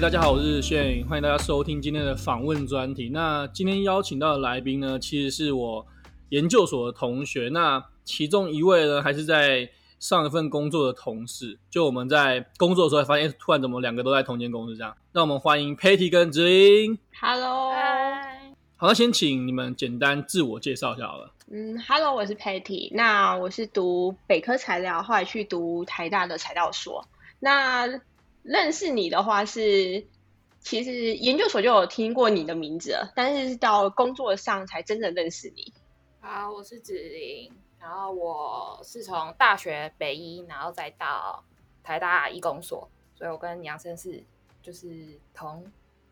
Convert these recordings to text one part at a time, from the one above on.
大家好，我是炫穎，歡迎大家收聽今天的訪問專題。那今天邀請到的來賓呢，其實是我研究所的同學，那其中一位呢，還是在上一份工作的同事。就我們在工作的時候，才發現突然怎麼兩個都在同間公司這樣。那我們歡迎 Patty 跟 ChihLin。Hello，Hi. 好，那先請你們簡單自我介紹一下好了。嗯，Hello，我是 Patty。那我是讀北科材料，後來去讀台大的材料所。那認識你的話是，其實研究所就有聽過你的名字，但是是到工作上才真正認識你。好，我是子林，然後我是從大學北醫，然後再到台大醫工所，所以我跟楊生是就是同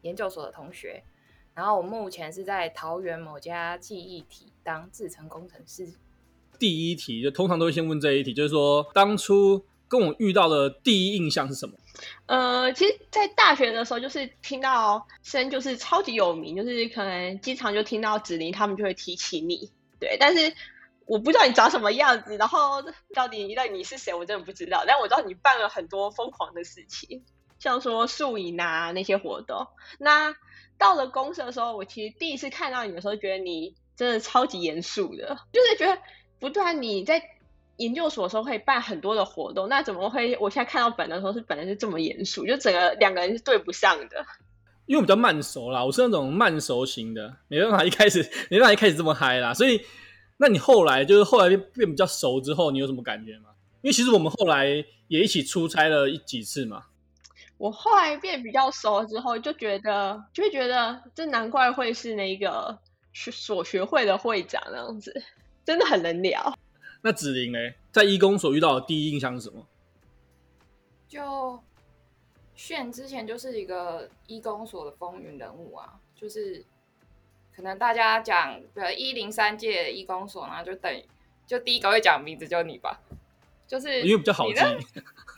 研究所的同學，然後我目前是在桃園某家記憶體當製程工程師。第一題就通常都會先問這一題，就是說當初。跟我遇到的第一印象是什麼？呃，其實，在大學的時候，就是聽到聲音，就是超級有名，就是可能經常就聽到子菱，他們就會提起你，對。但是我不知道你長什麼樣子，然後到底到底你是誰，我真的不知道。但我知道你辦了很多瘋狂的事情，像說宿營啊那些活動。那到了公司的時候，我其實第一次看到你的時候，覺得你真的超級嚴肅的，就是覺得不斷你在。研究所的時候可以辦很多的活動，那怎麼會？我現在看到本的時候，是本來是這麼嚴肅，就整個兩個人是對不上的。因為我比較慢熟啦，我是那種慢熟型的，沒辦法一開始沒辦法一開始這麼嗨啦。所以，那你後來就是後來變比較熟之後，你有什麼感覺嗎？因為其實我們後來也一起出差了一幾次嘛。我後來變比較熟了之後，就覺得就會覺得，這難怪會是那個學所學會的會長那樣子，真的很能聊。那子琳嘞，在醫、e、工所遇到的第一印象是什麼？就炫之前就是一個醫、e、工所的風雲人物啊，就是可能大家講，比如一零三屆醫工所，呢，就等於就第一個會講名字就是你吧，就是因為比較好記，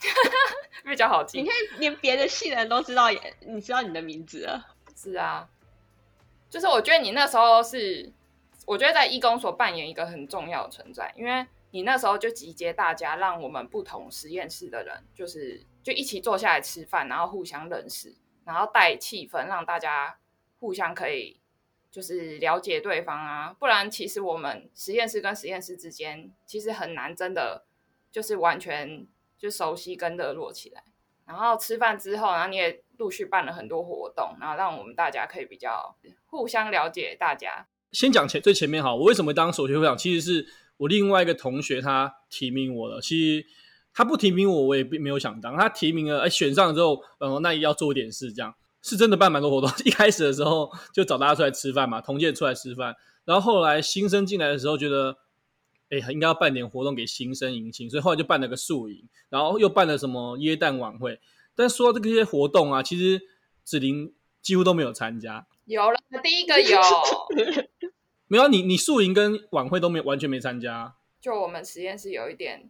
比較好記，你看連別的系人都知道也，你知道你的名字啊？是啊，就是我覺得你那時候是。我覺得在醫工所扮演一個很重要的存在，因為你那時候就集結大家，讓我們不同實驗室的人，就是就一起坐下來吃飯，然後互相認識，然後帶氣氛，讓大家互相可以就是了解對方啊。不然其實我們實驗室跟實驗室之間，其實很難真的就是完全就熟悉跟熱絡起來。然後吃飯之後，然後你也陸續辦了很多活動，然後讓我們大家可以比較互相了解大家。先講前最前面哈，我為什麼當系學會長？其實是我另外一個同學他提名我了，其實他不提名我，我也並沒有想當。他提名了，哎、欸，選上之後，嗯，那也要做點事，這樣是真的辦蠻多活動。一開始的時候就找大家出來吃飯嘛，同屆出來吃飯。然後後來新生進來的時候，覺得哎、欸，應該要辦點活動給新生迎新，所以後來就辦了個宿營，然後又辦了什麼耶誕晚會。但說到這些活動啊，其實子琳幾乎都沒有參加。有了第一個有， 沒有你你宿營跟晚會都沒完全沒參加啊，就我們實驗室有一點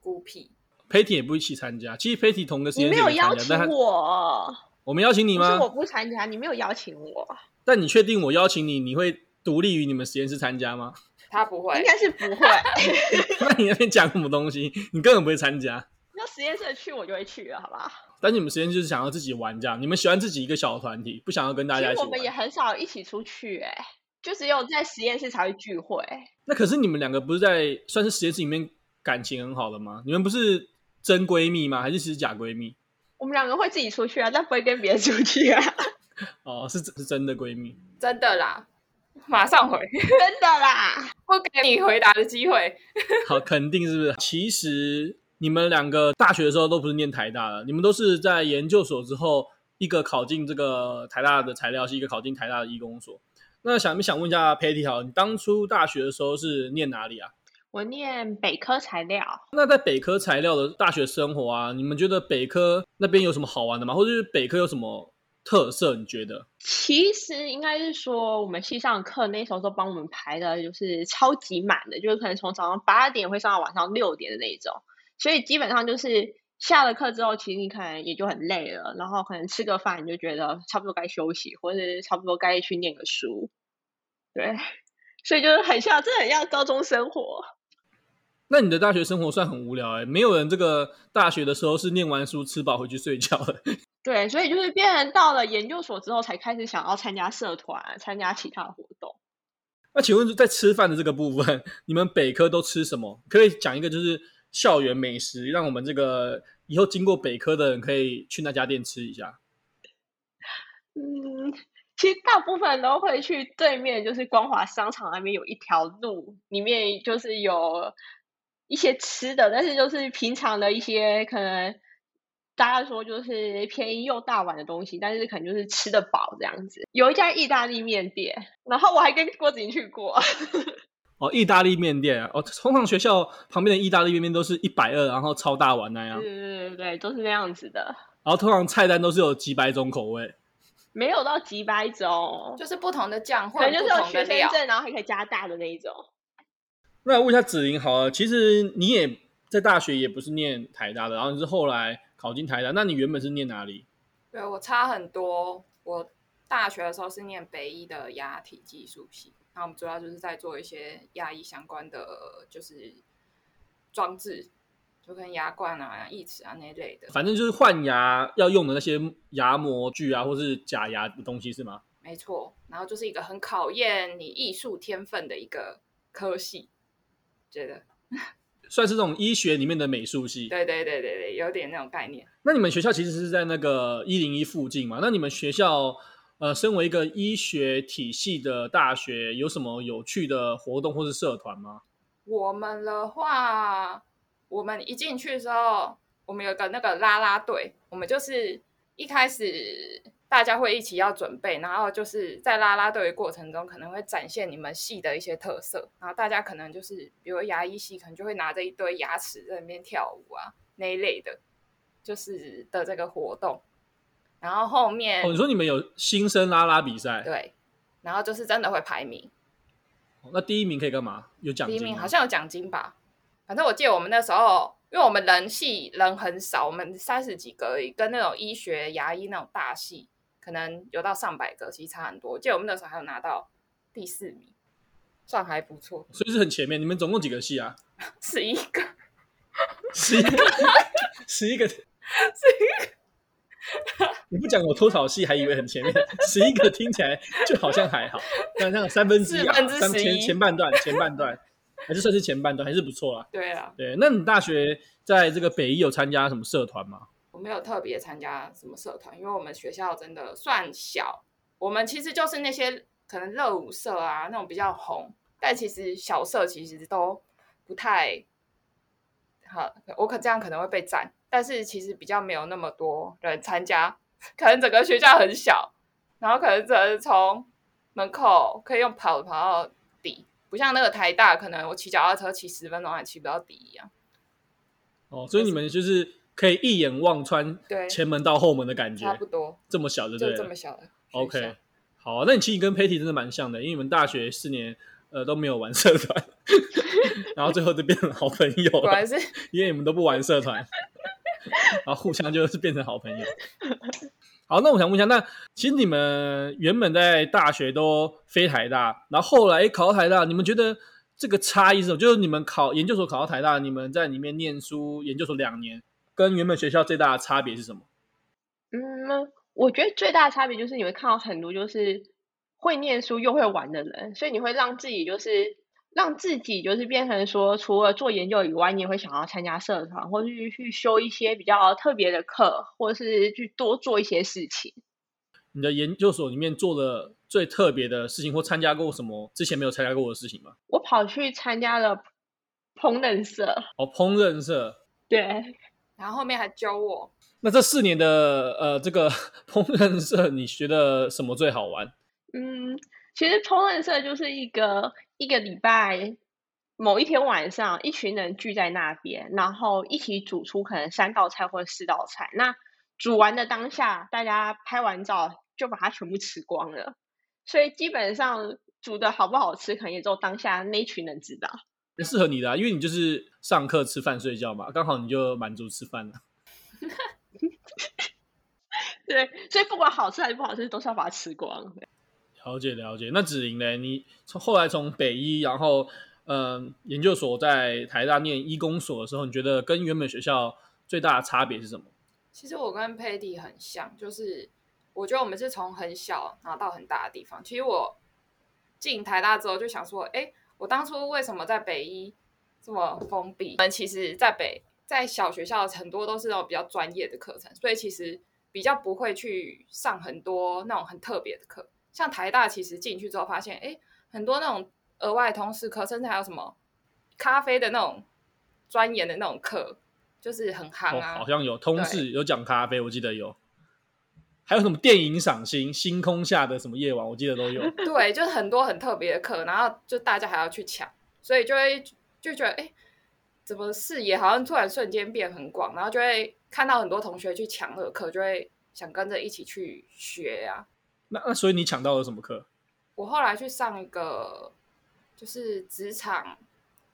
孤僻，Patty 也不一起參加。其實 Patty 同個實驗室，你沒有邀請我，我們邀請你嗎？是我不參加，你沒有邀請我。但你確定我邀請你，你會獨立於你們實驗室參加嗎？他不會，應該是不會。 那你在那邊講什麼東西，你根本不會參加。那實驗室的去，我就會去了，好不好？但是你們實驗室就是想要自己玩這樣，你們喜歡自己一個小團體，不想要跟大家一起玩。其實我們也很少一起出去哎、欸，就只有在實驗室才會聚會、欸。那可是你們兩個不是在算是實驗室裡面感情很好的嗎？你們不是真閨蜜嗎？還是是假閨蜜？我們兩個會自己出去啊，但不會跟別人出去啊。哦，是是真的閨蜜，真的啦，馬上回，真的啦，我給你回答的機會。好，肯定是不是？其實。你們兩個大學的時候都不是念台大的，你們都是在研究所之後，一個考進這個台大的材料系，一個考進台大的醫工所。那想沒想問一下 Patty 好，你當初大學的時候是念哪裡啊？我念北科材料。那在北科材料的大學生活啊，你們覺得北科那邊有什麼好玩的嗎？或者是,是北科有什麼特色？你覺得？其實應該是說，我們系上課那時候都幫我們排的就是超級滿的，就是可能從早上八點會上到晚上六點的那一種。所以基本上就是下了課之後，其實你可能也就很累了，然後可能吃個飯，你就覺得差不多該休息，或者是差不多該去念個書。對，所以就是很像，這很像高中生活。那你的大學生活算很無聊哎、欸，沒有人這個大學的時候是念完書吃飽回去睡覺的。對，所以就是變成到了研究所之後，才開始想要參加社團、參加其他的活動。那請問，在吃飯的這個部分，你們北科都吃什麼？可以講一個就是。校園美食，讓我們這個以後經過北科的人可以去那家店吃一下。嗯，其實大部分都會去對面，就是光華商場那邊有一條路，裡面就是有一些吃的，但是就是平常的一些可能大家說就是便宜又大碗的東西，但是可能就是吃得飽這樣子。有一家意大利麵店，然後我還跟郭子瑩去過。 哦，意大利麵店，啊、哦，通常學校旁邊的意大利麵店都是一百二，然後超大碗那樣。是對對對，都是那樣子的。然後通常菜單都是有幾百種口味，沒有到幾百種，就是不同的醬，可能就是有學生證，然後還可以加大的那一種。那問一下子琳好了，其實你也在大學也不是念台大的，然後你是後來考進台大，那你原本是念哪裡？對我差很多，我大學的時候是念北醫的牙體技術系。然後我們主要就是在做一些牙醫相關的，就是裝置，就跟牙冠啊、義齒啊那類的。反正就是換牙要用的那些牙模具啊，或是假牙的東西，是嗎？沒錯。然後就是一個很考驗你藝術天分的一個科系，覺得 算是這種醫學裡面的美術系。 對對對對對，有點那種概念。那你們學校其實是在那個一零一附近嘛？那你們學校？呃，身為一個醫學體系的大學，有什麼有趣的活動或是社團嗎？我們的話，我們一進去的時候，我們有個那個拉拉隊，我們就是一開始大家會一起要準備，然後就是在拉拉隊的過程中，可能會展現你們系的一些特色，然後大家可能就是，比如牙醫系可能就會拿着一堆牙齒在那邊跳舞啊，那一類的，就是的這個活動。然後後面我、哦、你說你們有新生拉拉比賽？對，然後就是真的會排名。哦、那第一名可以幹嘛？有獎金？第一名好像有獎金吧。反正我記得我們那時候，因為我們人系人很少，我們三十幾個而已，跟那種醫學、牙醫那種大系，可能有到上百個，其實差很多。我記得我們那時候還有拿到第四名，算還不錯。所以是很前面。你們總共幾個系啊？ 十一個 ， 十一個 十一個，十一個。 你不講我偷草，戲，還以為很前面。十一個聽起來就好像還好， 但像三分之一，啊啊，前前半段前半段，還是算是前半段，還是不錯啦，啊。對啊，對。那你大學在這個北醫有參加什麼社團嗎？我沒有特別參加什麼社團，因為我們學校真的算小，我們其實就是那些可能熱舞社啊那種比較紅，但其實小社其實都不太好。我可這樣可能會被讚，但是其實比較沒有那麼多人參加。可能整個學校很小，然後可能只能從門口可以用跑跑到底，不像那個台大，可能我騎腳踏車騎十分鐘還騎不到底一樣。哦，所以你們就是可以一眼望穿，對，前門到後門的感覺，差不多，這麼小的，對，這麼小的。OK，好啊，那你其實跟 Patty 真的蠻像的，因為你們大學四年呃都沒有玩社團， 然後最後就變成好朋友了，果然是因為你們都不玩社團， 然後互相就是變成好朋友。好，那我想問一下，那其實你們原本在大學都非台大，然後後來考到台大，你們覺得這個差異是什麼？就是你們考研究所考到台大，你們在裡面念書研究所兩年，跟原本學校最大的差別是什麼？嗯，我覺得最大的差別就是你會看到很多就是會念書又會玩的人，所以你會讓自己就是。讓自己就是變成說，除了做研究以外，你也會想要參加社團，或去去修一些比較特別的課，或是去多做一些事情。你的研究所裡面做的最特別的事情，或參加過什麼之前沒有參加過的事情嗎？我跑去參加了烹飪社。哦，烹飪社。對。然後後面還教我。那這四年的呃，這個烹飪社，你學的什麼最好玩？嗯，其實烹飪社就是一個。一個禮拜某一天晚上，一群人聚在那邊，然後一起煮出可能三道菜或者四道菜。那煮完的當下，大家拍完照就把它全部吃光了。所以基本上煮的好不好吃，可能也只有當下那群人知道。很適合你的啊，因為你就是上課、吃飯、睡覺嘛，剛好你就滿足吃飯了。 對，所以不管好吃還是不好吃，都是要把它吃光。了解了解，那芷琳呢？你從後來從北醫，然後嗯、呃，研究所在台大念醫工所的時候，你覺得跟原本學校最大的差別是什麼？其實我跟佩蒂很像，就是我覺得我們是從很小然後到很大的地方。其實我進台大之後就想說，哎、欸，我當初為什麼在北醫這麼封閉？我們其實在北在小學校很多都是那種比較專業的課程，所以其實比較不會去上很多那種很特別的課。像台大其實進去之後發現，哎，很多那種額外通識課，甚至還有什麼咖啡的那種專研的那種課，就是很夯啊、哦。好像有通識有講咖啡，我記得有，還有什麼電影賞析、星空下的什麼夜晚，我記得都有。對，就是很多很特別的課，然後就大家還要去搶，所以就會就會覺得，哎，怎麼視野好像突然瞬間變很廣，然後就會看到很多同學去搶那個課，就會想跟着一起去學啊。那那所以你搶到了什麼課？我後來去上一個就是職場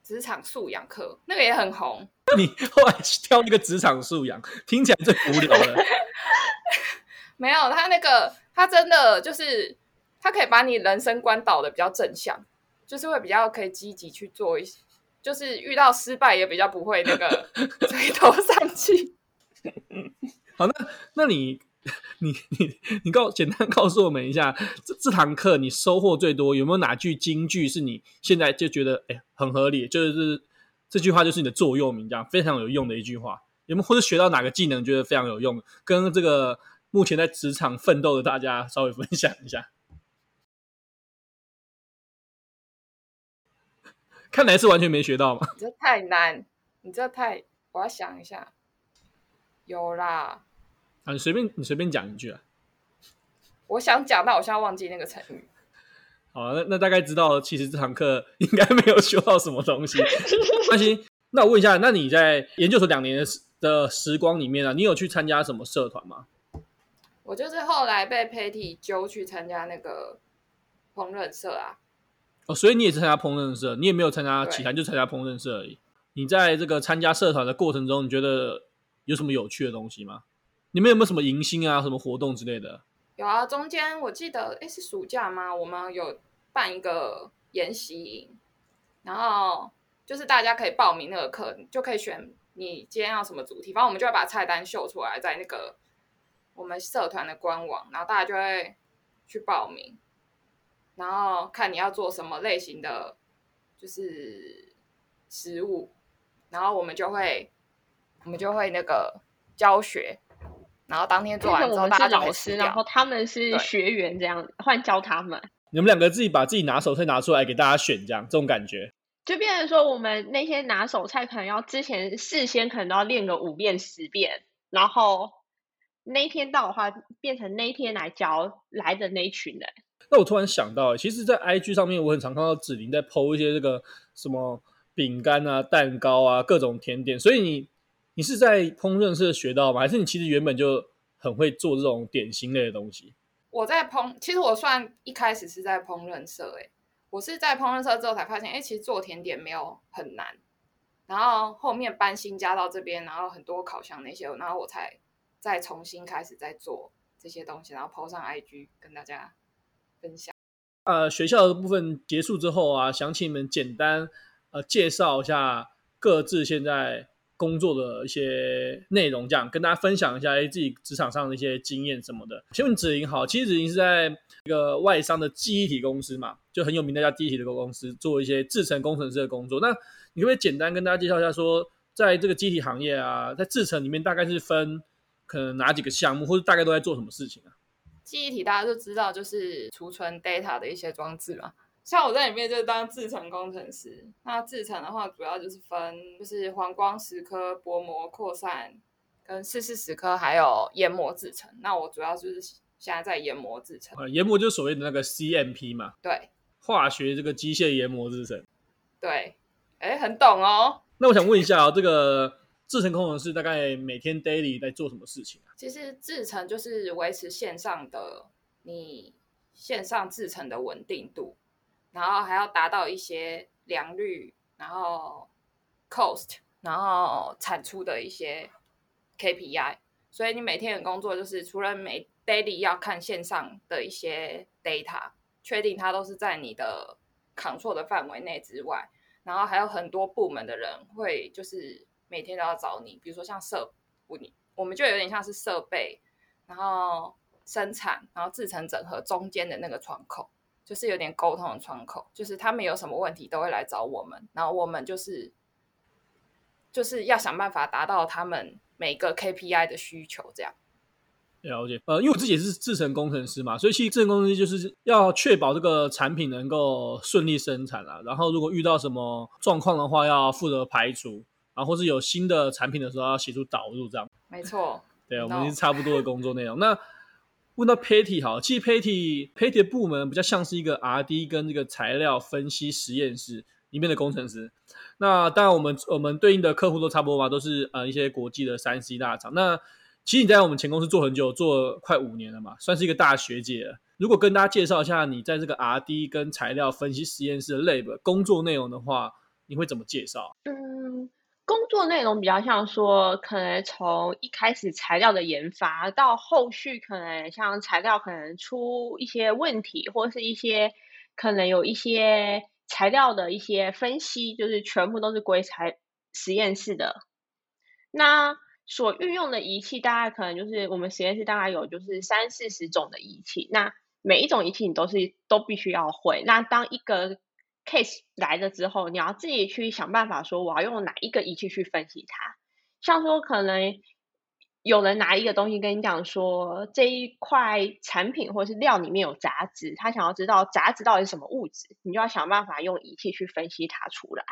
職場素養課，那個也很紅。 你後來去挑那個職場素養， 聽起來最無聊了。 沒有，他那個他真的就是他可以把你人生觀導的比較正向，就是會比較可以積極去做一些，就是遇到失敗也比較不會那個垂頭喪氣。 好，那那你。 你你你告簡單告訴我們一下，這這堂課你收穫最多，有沒有哪句金句是你現在就覺得哎、欸、很合理，就是這句話就是你的座右銘，這樣非常有用的一句話。有沒有或者學到哪個技能覺得非常有用，跟這個目前在職場奮鬥的大家稍微分享一下？ 看來是完全沒學到嘛？這太難，你這太，我要想一下。有啦。啊、你隨便你隨便講一句啊！我想講，但我現在忘記那個成語。好、啊，那那大概知道，其實這堂課應該沒有學到什麼東西。那 行，那我問一下，那你在研究所兩年的時光裡面呢、啊，你有去參加什麼社團嗎？我就是後來被 Patty 揪去參加那個烹飪社啊。哦，所以你也是參加烹飪社，你也沒有參加其他，就參加烹飪社而已。你在這個參加社團的過程中，你覺得有什麼有趣的東西嗎？你們有沒有什麼迎新啊、什麼活動之類的？有啊，中間我記得哎，欸，是暑假嗎？我們有辦一個研習營，然後就是大家可以報名那個課，就可以選你今天要什麼主題。反正我們就會把菜單秀出來在那個我們社團的官網，然後大家就會去報名，然後看你要做什麼類型的，就是食物，然後我們就會我們就會那個教學。然後當天做完之後，我們是老師，然後他們是學員，這樣換教他們。你們兩個自己把自己拿手菜拿出來給大家選，這樣這種感覺。就變成說，我們那些拿手菜可能要之前事先可能都要練個五遍十遍，然後那天到的話，變成那天來教來的那一群人。那我突然想到，其實，在 IG 上面，我很常看到子玲在 po 一些這個什麼餅乾啊、蛋糕啊、各種甜點，所以你。你是在烹飪社學到嗎？還是你其實原本就很會做這種點心類的東西？我在烹，其實我算一開始是在烹飪社、欸，誒。我是在烹飪社之後才發現，哎、欸，其實做甜點沒有很難。然後後面搬新家到這邊，然後很多烤箱那些，然後我才再重新開始再做這些東西，然後 PO 上 IG 跟大家分享。呃，學校的部分結束之後啊，想請你們簡單呃介紹一下各自現在。工作的一些內容，這樣跟大家分享一下誒，自己職場上的一些經驗什麼的。請問子瑩好，其實子瑩是在一個外商的記憶體公司嘛，就很有名的一家記憶體的公司，做一些製程工程師的工作。那你可不可以簡單跟大家介紹一下說，說在這個記憶體行業啊，在製程裡面大概是分可能哪幾個項目，或者大概都在做什麼事情啊？記憶體大家都知道，就是儲存 data 的一些裝置嘛。像我在裡面就是當製程工程師。那製程的話，主要就是分，就是黃光蝕刻、薄膜擴散、跟濕式蝕刻，還有研磨製程，那我主要就是現在在研磨製程，啊，研磨就是所謂的那個 CMP 嘛。對。化學這個機械研磨製程，對。哎、欸，很懂哦。那我想問一下哦，這個製程工程師大概每天 daily 在做什麼事情啊？其實製程就是維持線上的你線上製程的穩定度。然後還要達到一些良率，然後 cost，然後產出的一些 KPI，所以你每天的工作就是除了每 daily 要看線上的一些 data，確定它都是在你的 control 的範圍內之外，然後還有很多部門的人會就是每天都要找你，比如說像設，問你我們就有點像是設備，然後生產，然後製程整合中間的那個窗口。就是有點溝通的窗口，就是他們有什麼問題都會來找我們，然後我們就是就是要想辦法達到他們每個 KPI 的需求，這樣。了解，呃，因為我自己也是製程工程師嘛，所以其實製程工程師就是要確保這個產品能夠順利生產啊。然後如果遇到什麼狀況的話，要負責排除，然後或是有新的產品的時候，要協助導入這樣。沒錯，對啊，我們是差不多的工作內容。No. 那。問到 Patty 好，其實 Patty Patty 的部門比較像是一個 R&D 跟這個材料分析實驗室裡面的工程師。那當然，我們我們對應的客戶都差不多嘛，都是呃一些國際的三 C 大廠。那其實你在我們前公司做很久，做快五年了嘛，算是一個大學姐。如果跟大家介紹一下你在這個 R&D 跟材料分析實驗室的 lab 工作內容的話，你會怎麼介紹？工作內容比較像說，可能從一開始材料的研發，到後續可能像材料可能出一些問題，或是一些可能有一些材料的一些分析，就是全部都是歸材實驗室的。那所運用的儀器，大概可能就是我們實驗室大概有就是三四十種的儀器，那每一種儀器你都是都必須要會。那當一個 case 來了之後，你要自己去想辦法說，我要用哪一個儀器去分析它。像說可能有人拿一個東西跟你講說這一塊產品或是料裡面有雜質，他想要知道雜質到底是什麼物質，你就要想辦法用儀器去分析它出來。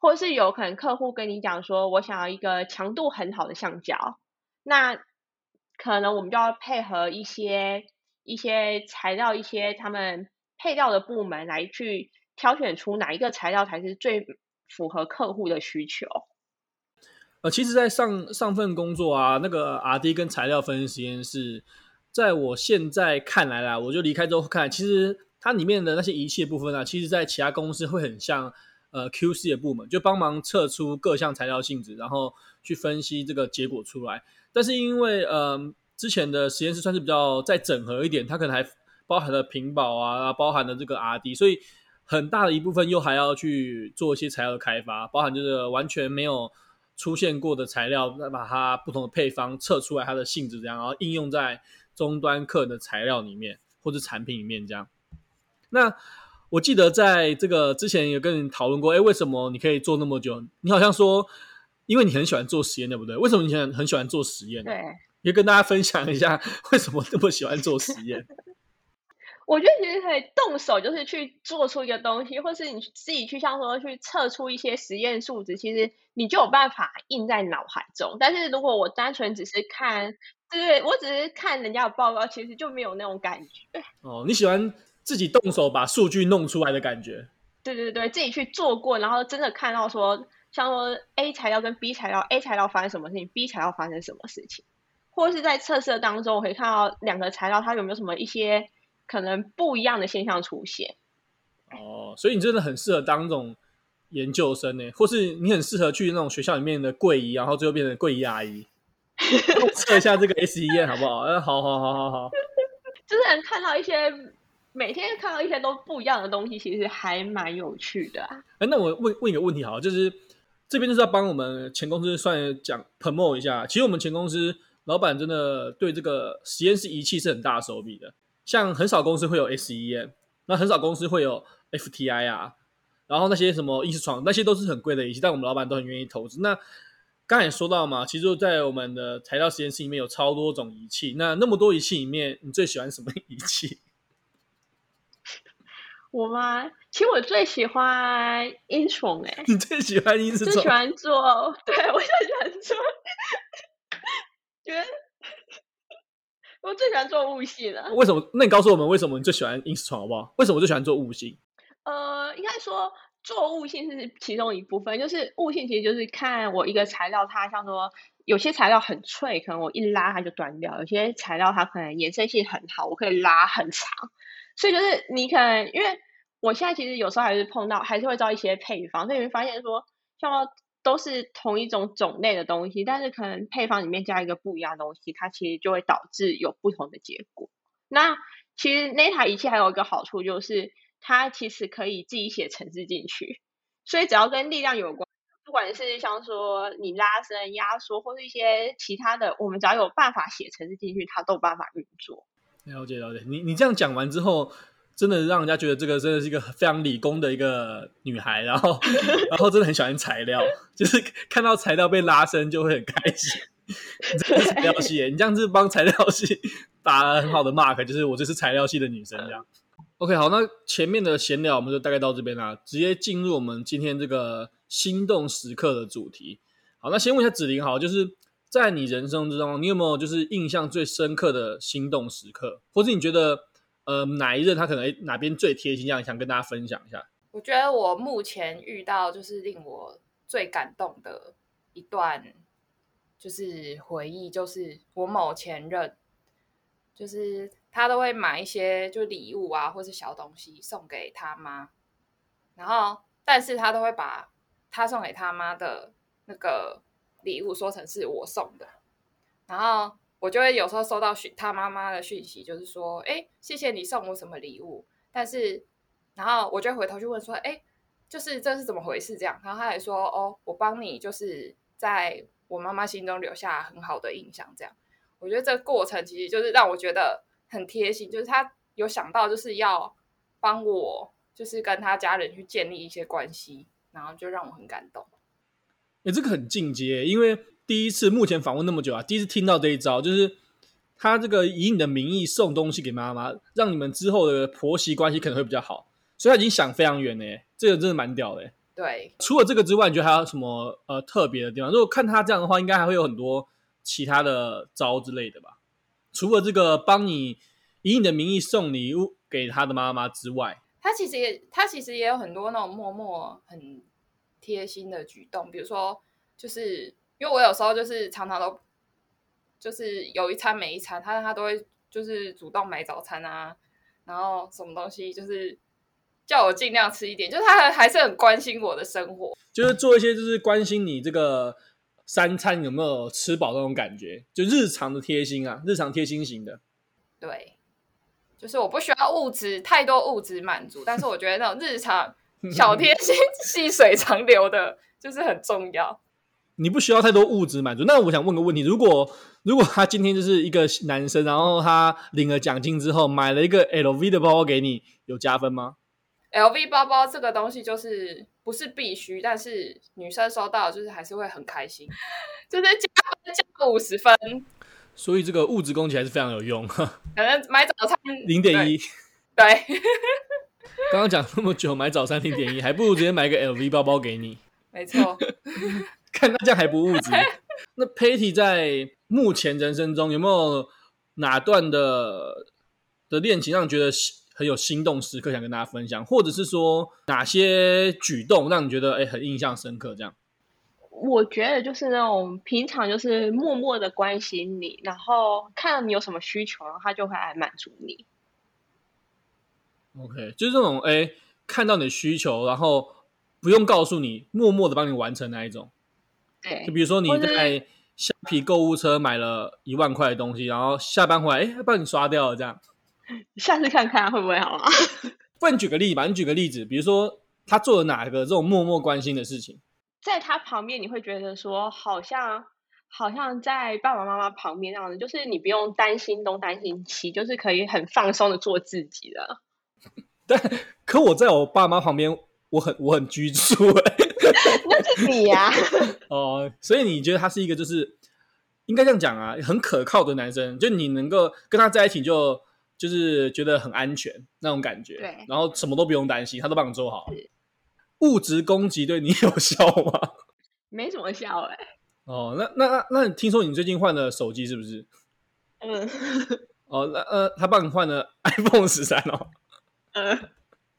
或者是有可能客戶跟你講說，我想要一個強度很好的橡膠，那可能我們就要配合一些一些材料、一些他們配料的部門來去。挑選出哪一個材料才是最符合客戶的需求。呃，其實，在上上份工作啊，那個 RD 跟材料分析實驗室，在我現在看來啦，我就離開之後看來，其實它裡面的那些儀器的部分啊，其實在其他公司會很像呃 QC 的部門，就幫忙測出各項材料性質，然後去分析這個結果出來。但是因為呃之前的實驗室算是比較再整合一點，它可能還包含了品保啊，包含了這個 RD，所以。很大的一部分又還要去做一些材料的開發，包含就是完全沒有出現過的材料，把它不同的配方測出來它的性質這樣，然後應用在終端客人的材料裡面或者產品裡面這樣。那我記得在這個之前有跟你討論過，哎，為什麼你可以做那麼久？你好像說，因為你很喜歡做實驗，對不對？為什麼你很很喜歡做實驗？對，也跟大家分享一下為什麼那麼喜歡做實驗。 我覺得其實可以動手，就是去做出一個東西，或是你自己去像說去測出一些實驗數值，其實你就有辦法印在腦海中。但是如果我單純只是看，對不對，我只是看人家的報告，其實就沒有那種感覺。哦，你喜歡自己動手把數據弄出來的感覺？對對對，自己去做過，然後真的看到說，像說 A 材料跟 B 材料，A 材料發生什麼事情，B 材料發生什麼事情，或是在測試當中，我可以看到兩個材料它有沒有什麼一些。可能不一樣的現象出現哦，所以你真的很適合當這種研究生呢？欸，或是你很適合去那種學校裡面的櫃姨，然後最後變成櫃姨阿姨。測 一下這個 S E M，好不好？ 嗯，好，好，好，好，好。就是能看到一些每天看到一些都不一樣的東西，其實還蠻有趣的啊。哎、欸，那我問問一個問題，好了，就是這邊就是要幫我們前公司算講 promote 一下。其實我們前公司老板真的對這個實驗室儀器是很大手筆的。像很少公司會有 SEM，那很少公司會有 FTI 啊，然後那些什麼 Instron，那些都是很貴的儀器，但我們老闆都很願意投資。那剛才也說到嘛，其實，在我們的材料實驗室裡面有超多種儀器。那那麼多儀器裡面，你最喜歡什麼儀器？我嗎？其實我最喜歡 Instron 哎，你最喜歡 Instron？我最喜歡做，對我最喜歡做， 我最喜歡做物性了，為什麼？那你告訴我們為什麼你最喜歡 ins 床好不好？為什麼最喜歡做物性？呃，應該說做物性是其中一部分，就是物性其實就是看我一個材料，它像說有些材料很脆，可能我一拉它就斷掉；有些材料它可能延伸性很好，我可以拉很長。所以就是你可能因為我現在其實有時候還是碰到，還是會招一些配方，所以你會發現說像。都是同一種種類的東西，但是可能配方裡面加一個不一樣的東西，它其實就會導致有不同的結果。那其實那台儀器還有一個好處就是，它其實可以自己寫程式進去，所以只要跟力量有關，不管是像說你拉伸、壓縮或是一些其他的，我們只要有辦法寫程式進去，它都有辦法運作。了解，了解。你你這樣講完之後。真的讓人家覺得這個真的是一個非常理工的一個女孩，然後然後真的很喜歡材料，就是看到材料被拉伸就會很開心。 這個是材料系，你這樣子幫材料系打了很好的 mark，就是我這是材料系的女生這樣。OK，好，那前面的閒聊我們就大概到這邊啦，直接進入我們今天這個心動時刻的主題。好，那先問一下子玲，好，就是在你人生之中，你有沒有就是印象最深刻的心動時刻，或是你覺得？呃，哪一任，他可能哪邊最貼心，想想跟大家分享一下。我覺得我目前遇到就是令我最感動的一段，就是回憶，就是我某前任，就是他都會買一些就禮物啊，或是小東西送給他媽，然後但是他都會把他送給他媽的那個禮物說成是我送的，然後。我就會有時候收到他媽媽的訊息就是說，欸，謝謝你送我什麼禮物。但是，然後我就回頭去問說，欸，就是這是怎麼回事？這樣，然後他還說，哦，我幫你，就是在我媽媽心中留下很好的印象。這樣，我覺得這個過程其實就是讓我覺得很貼心，就是他有想到就是要幫我，就是跟他家人去建立一些關係，然後就讓我很感動。欸，這個很進階，因為。第一次目前訪問那麼久啊，第一次聽到這一招，就是他這個以你的名義送東西給媽媽，讓你們之後的婆媳關係可能會比較好，所以他已經想非常遠了耶，這個真的蠻屌的耶。對，除了這個之外，你覺得他還有什麼呃特別的地方？如果看他這樣的話，應該還會有很多其他的招之類的吧？除了這個幫你以你的名義送禮物給他的媽媽之外，他其實也他其實也有很多那種默默很貼心的舉動，比如說就是。因為我有時候就是常常都就是有一餐沒一餐，他他都會就是主動買早餐啊，然後什麼東西就是叫我儘量吃一點，就是他還是很關心我的生活，就是做一些就是關心你這個三餐有沒有吃飽那種感覺，就日常的貼心啊，日常貼心型的。對，就是我不需要物質太多物質滿足，但是我覺得那種日常小貼心 細水長流的，就是很重要。你不需要太多物質滿足。那我想問個問題：如果如果他今天就是一個男生，然後他領了獎金之後買了一個 LV 的包包給你，有加分嗎？LV 包包這個東西就是不是必須，但是女生收到就是還是會很開心，就是加分加五十分。所以這個物質供給還是非常有用。可能買早餐零點一，對。剛剛講那麼久買早餐零點一，還不如直接買個 LV 包包給你。沒錯。 看，他這樣還不物質？ 那 Patty 在目前人生中有沒有哪段的的戀情讓你覺得很有心動時刻，想跟大家分享，或者是說哪些舉動讓你覺得哎、欸、很印象深刻？這樣？我覺得就是那種平常就是默默的關心你，然後看到你有什麼需求，然後他就會來滿足你。OK，就是這種哎、欸，看到你的需求，然後不用告訴你，默默的幫你完成那一種。就比如說你在蝦皮購物車買了一萬塊的東西，然後下班回來，哎、欸，幫你刷掉了這樣。下次看看會不會好啊，不然舉個例子吧，你舉個例子，比如說他做了哪個這種默默關心的事情，在他旁邊你會覺得說，好像好像在爸爸媽媽旁邊那樣的，就是你不用擔心東擔心西，就是可以很放鬆的做自己了。但可我在我爸媽旁邊，我很我很拘束、欸。 那是你呀、啊！哦，所以你覺得他是一個，就是應該這樣講啊，很可靠的男生。就你能夠跟他在一起就，就就是覺得很安全那種感覺。對，然後什麼都不用擔心，他都幫你做好。物質攻擊對你有效嗎？沒什麼效哎、欸。哦，那那那那你聽說你最近換了手機是不是？嗯。哦，那呃，他幫你換了 iPhone 十三哦。嗯。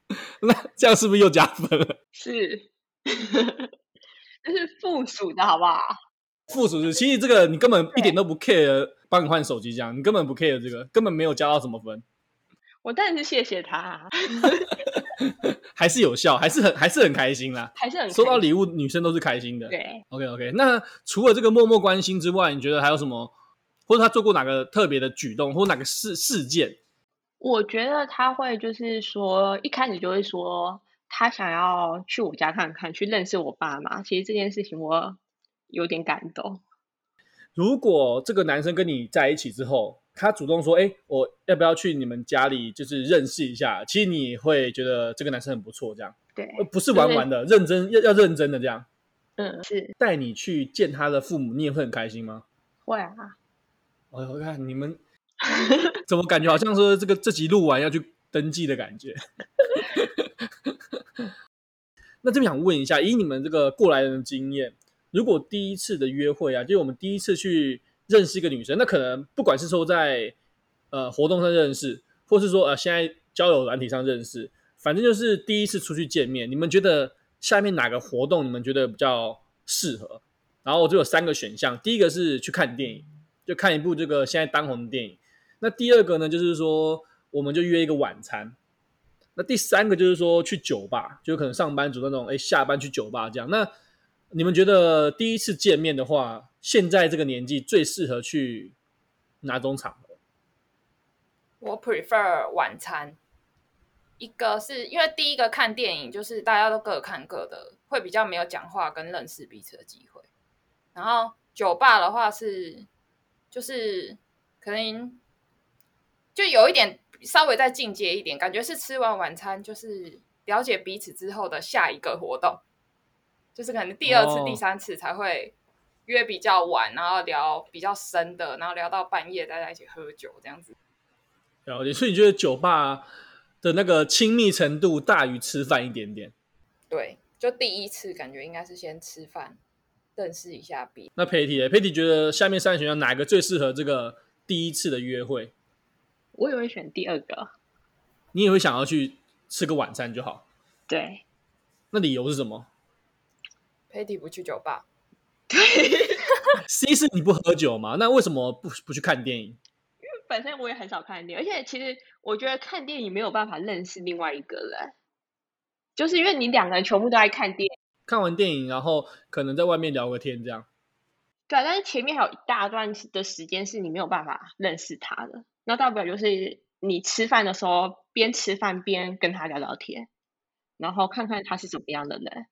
那這樣是不是又加分了？是。這 是附屬的，好不好？附屬是，是，其實這個你根本一點都不 care，幫你換手機這樣，你根本不 care 這個，根本沒有加到什麼分。我當然是謝謝他， 還是有效，還是很還是很開心啦，還是很收到禮物，女生都是開心的。對，OK，OK。那除了這個默默關心之外，你覺得還有什麼，或者他做過哪個特別的舉動，或哪個事事件？我覺得他會就是說，一開始就會說。他想要去我家看看，去認識我爸媽。其實這件事情我有點感動。如果這個男生跟你在一起之後，他主動說：“哎、欸，我要不要去你們家裡，就是認識一下？”其實你會覺得這個男生很不錯，這樣對，不是玩玩的，是是認真要要認真的這樣。嗯，是帶你去見他的父母，你也會很開心嗎？會啊！我、哎、我看你們怎麼感覺 好像是這個這集錄完要去登記的感覺。 那這邊想問一下，以你們這個過來人的經驗，如果第一次的約會啊，就是我們第一次去認識一個女生，那可能不管是說在呃活動上認識，或是說呃現在交友軟體上認識，反正就是第一次出去見面，你們覺得下面哪個活動你們覺得比較適合？然後我就有三個選項，第一個是去看電影，就看一部這個現在當紅的電影。那第二個呢，就是說我們就約一個晚餐。那第三個就是說去酒吧，就可能上班族那種，哎、欸，下班去酒吧這樣。那你們覺得第一次見面的話，現在這個年紀最適合去哪種場合？我 prefer 晚餐，一個是因為第一個看電影就是大家都各看各的，會比較沒有講話跟認識彼此的機會。然後酒吧的話是，就是可能就有一點。稍微再進階一點，感覺是吃完晚餐就是了解彼此之後的下一個活動，就是可能第二次、哦、第三次才會約比較晚，然後聊比較深的，然後聊到半夜，大家一起喝酒這樣子。了解，所以你覺得酒吧的那個親密程度大於吃飯一點點？對，就第一次感覺應該是先吃飯，認識一下彼此。那 Patty，Patty 覺得下面三個選項哪個最適合這個第一次的約會？我也會選第二個，你也會想要去吃個晚餐就好。對，那理由是什麼？Patty 不去酒吧。對，C 是 你不喝酒嘛？那為什麼不不去看電影？因為本身我也很少看電影，而且其實我覺得看電影沒有辦法認識另外一個人，就是因為你兩個人全部都愛看電影。看完電影，然後可能在外面聊個天，這樣。對啊，但是前面還有一大段的時間是你沒有辦法認識他的。那代表就是你吃飯的時候，邊吃飯邊跟他聊聊天，然後看看他是怎麼樣的人。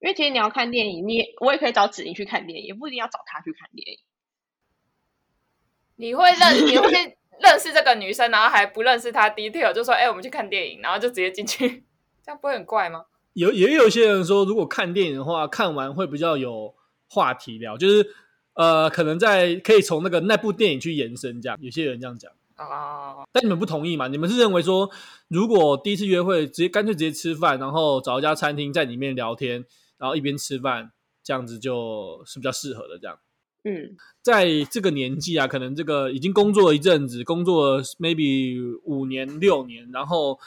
因為其實你要看電影，你也我也可以找子寧去看電影，也不一定要找他去看電影。你會認你會認識這個女生， 然後還不認識她的 detail，就說：“哎、欸，我們去看電影。”然後就直接進去， 這樣不會很怪嗎？有也有些人說，如果看電影的話，看完會比較有話題聊，就是呃，可能在可以從那個那部電影去延伸。這樣有些人這樣講。啊，但你們不同意嘛？你們是認為說，如果第一次約會直接乾脆直接吃飯，然後找一家餐廳在裡面聊天，然後一邊吃飯這樣子，就是比較適合的這樣。嗯，在這個年紀啊，可能這個已經工作了一陣子，工作了 maybe 五年六年，然後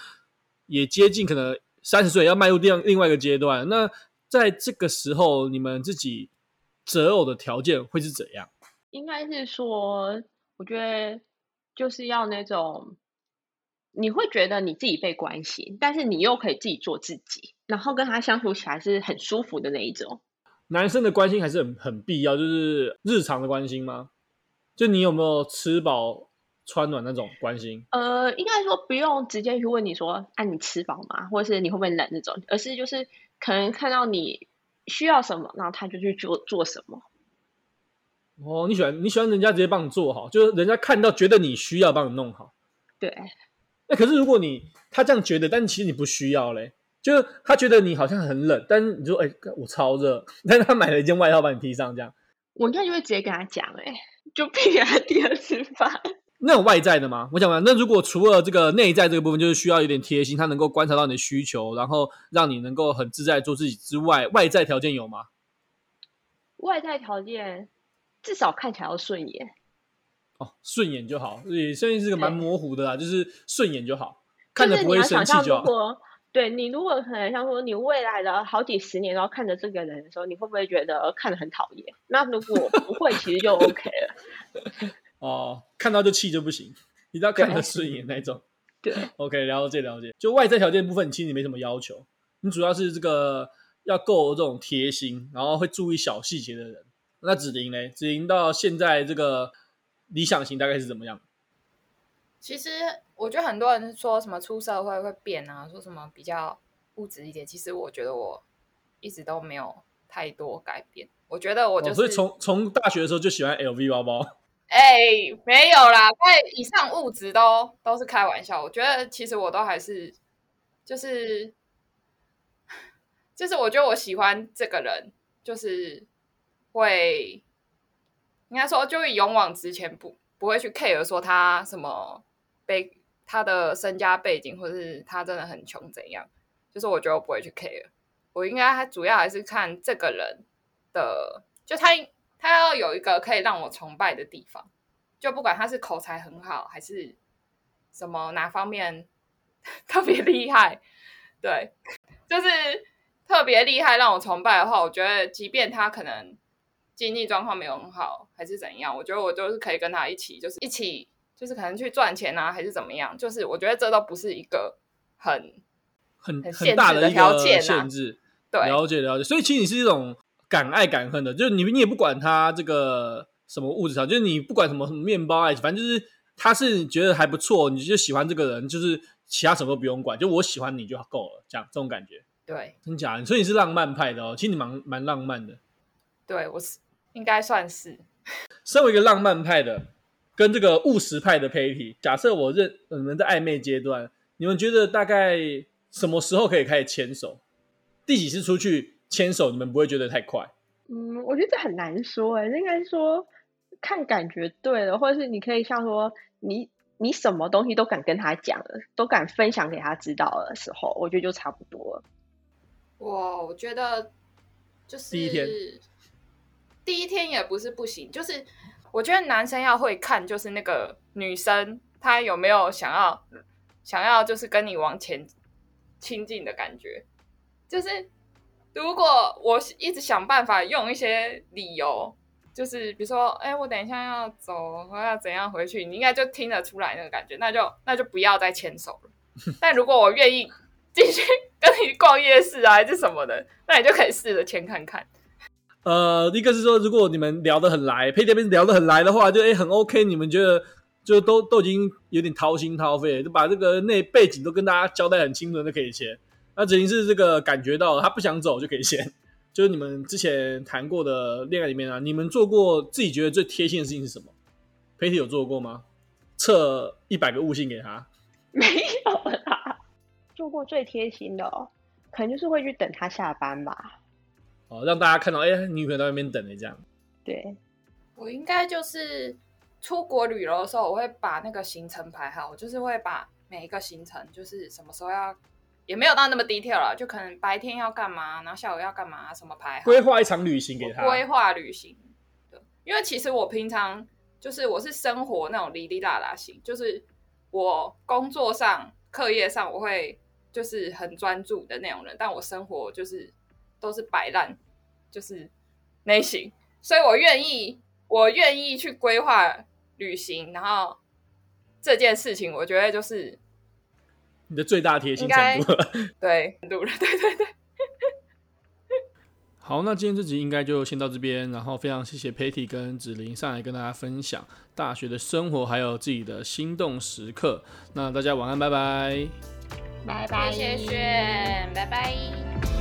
也接近可能三十歲，要邁入另另外一個階段。那在這個時候，你們自己擇偶的條件會是怎樣？應該是說，我覺得。就是要那種，你會覺得你自己被關心，但是你又可以自己做自己，然後跟他相處起來是很舒服的那一種。男生的關心還是很很必要，就是日常的關心嗎？就你有沒有吃飽穿暖那種關心？呃，應該說不用直接去問你說，啊你吃飽嗎？或者是你會不會冷那種？而是就是可能看到你需要什麼，然後他就去做做什麼。哦，你喜歡你喜歡人家直接幫你做好，就是人家看到覺得你需要幫你弄好。對。那可是如果你他這樣覺得，但其實你不需要嘞，就是他覺得你好像很冷，但是你說哎我超熱，但是他買了一件外套幫你披上這樣。我應該就會直接跟他講，哎，就披他第二次發那有外在的嗎？我想問，那如果除了這個內在這個部分，就是需要有點貼心，他能夠觀察到你的需求，然後讓你能夠很自在做自己之外，外在條件有嗎？外在條件。至少看起來要順眼哦，順眼就好，也算是個蠻模糊的啦，就是順眼就好，看着不會生氣就好。就是、你對你如果可能，像說你未來的好幾十年，然後看着這個人的時候，你會不會覺得看着很討厭？那如果不會， 其實就 OK 了。哦，看到就氣就不行，你只要看着順眼那種。對， 對，OK，了解了解。就外在條件部分，其實你沒什麼要求，你主要是這個要夠有這種貼心，然後會注意小細節的人。那芷琳嘞？芷琳到現在這個理想型大概是怎麼樣？其實我覺得很多人說什麼出社會會變啊，說什麼比較物質一點。其實我覺得我一直都沒有太多改變。我覺得我就是、哦、從從大學的時候就喜歡 LV 包包。哎，沒有啦，因為以上物質都都是開玩笑。我覺得其實我都還是就是就是我覺得我喜歡這個人就是。會，應該說就會勇往直前不，不不會去 care 說他什麼被，他的身家背景，或者是他真的很窮怎樣，就是我覺得我不會去 care，我應該他主要還是看這個人的，就他他要有一個可以讓我崇拜的地方，就不管他是口才很好，還是什麼哪方面特別厲害， 對，就是特別厲害讓我崇拜的話，我覺得即便他可能。經濟狀況沒有很好，還是怎樣？我覺得我就是可以跟他一起，就是一起，就是可能去賺錢啊，還是怎麼樣？就是我覺得這都不是一個很很很限制的條件啊，很大的一個限制。對，了解了解。所以其實你是一種敢愛敢恨的，就是你你也不管他這個什麼物質上，就是你不管什麼什麼面包愛情，反正就是他是覺得還不錯，你就喜歡這個人，就是其他什麼都不用管，就我喜歡你就夠了，這樣這種感覺。對，真假？所以你是浪漫派的哦，其實你蠻蠻浪漫的。對，我是。應該算是。身為一個浪漫派的，跟這個務實派的配對，假設我認你們在曖昧階段，你們覺得大概什麼時候可以開始牽手？第幾次出去牽手，你們不會覺得太快？嗯，我覺得這很難說哎、欸，應該說看感覺對了，或者是你可以像說你，你你什麼東西都敢跟他講了，都敢分享給他知道的時候，我覺得就差不多了。我，我覺得就是第一天。第一天也不是不行，就是我覺得男生要會看，就是那個女生她有沒有想要想要就是跟你往前親近的感覺。就是如果我一直想辦法用一些理由，就是比如說，哎、欸，我等一下要走，我要怎樣回去？你應該就聽得出來那個感覺，那就那就不要再牽手了。 但如果我願意繼續跟你逛夜市啊，還是什麼的，那你就可以試着牽看看。呃，一個是說，如果你們聊得很來，佩蒂那邊聊得很來的話，就哎、欸、很 OK，你們覺得就都都已經有點掏心掏肺，就把這個那個、背景都跟大家交代很清楚就可以簽。那只能是這個感覺到他不想走就可以簽。就是你們之前談過的戀愛裡面啊，你們做過自己覺得最貼心的事情是什麼？佩蒂有做過嗎？測一百個悟性給他？沒有啦，做過最貼心的，哦，可能就是會去等他下班吧。哦，讓大家看到，哎、欸，你女朋友在那邊等着這樣。對，我應該就是出國旅遊的時候，我會把那個行程排好，我就是會把每一個行程，就是什麼時候要，也沒有到那麼 detail 了，就可能白天要幹嘛，然後下午要幹嘛，什麼排好，規劃一場旅行給他規劃旅行，對。因為其實我平常就是我是生活那種哩哩啦啦型，就是我工作上、課業上，我會就是很專注的那種人，但我生活就是。都是擺爛，就是那型，所以我願意，我願意去規劃旅行，然後這件事情，我覺得就是你的最大貼心程度，對，對對對 好，那今天這集應該就先到這邊，然後非常謝謝 Patty 跟子玲上來跟大家分享大學的生活還有自己的心動時刻，那大家晚安，拜拜，拜拜，謝謝，拜拜。